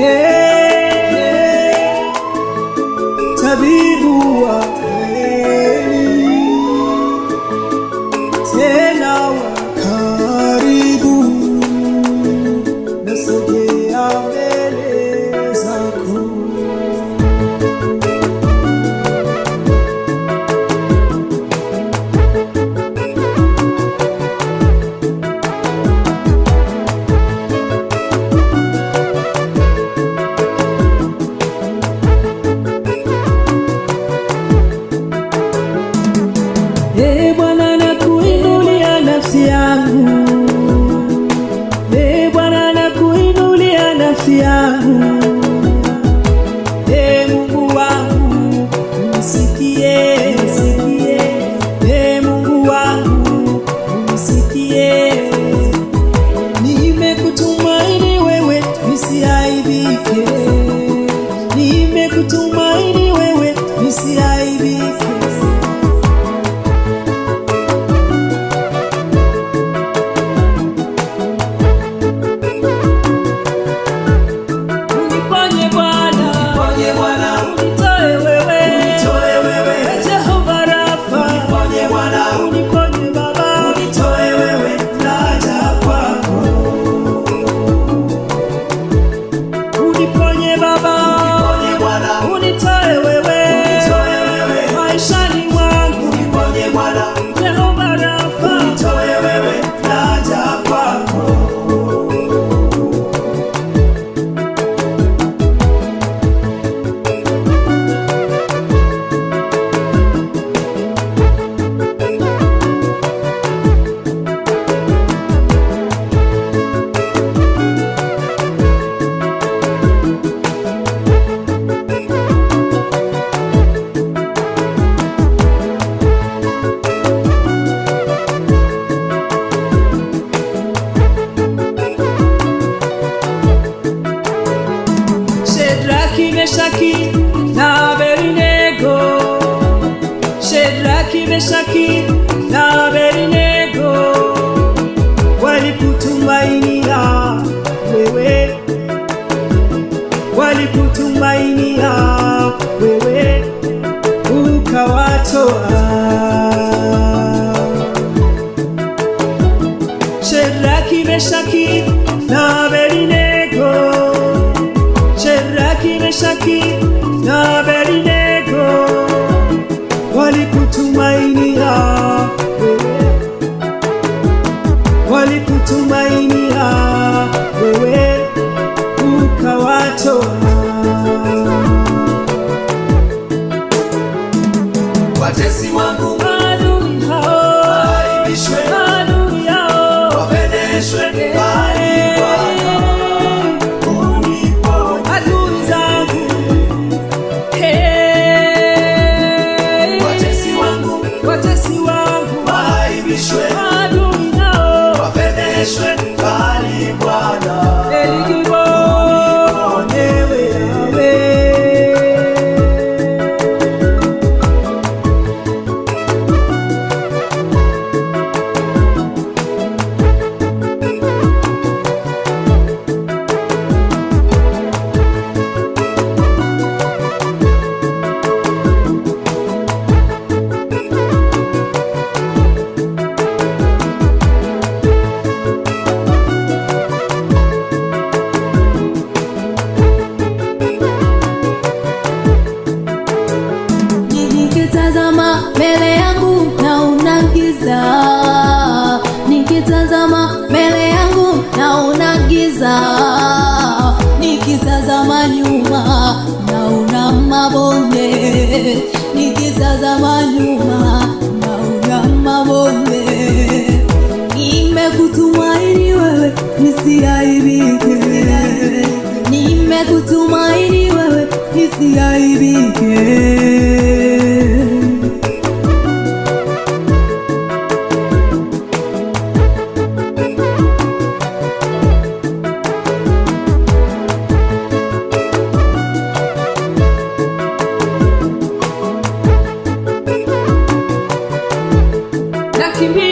yeah, yeah, tabibu wa nafsi yangu, e Mungu unatoa Shadraki, Meshaki na Abednego, Shadraki, Meshaki na Abednego walikutumainia, walikutumainia wewe ukawatoa watesi wangu mbele yangu na una giza, nikitazama mbele yangu na una giza, nikitazama nyuma na una mabonde, nikitazama nyuma na una mabonde, nimekutumaini wewe nisia to be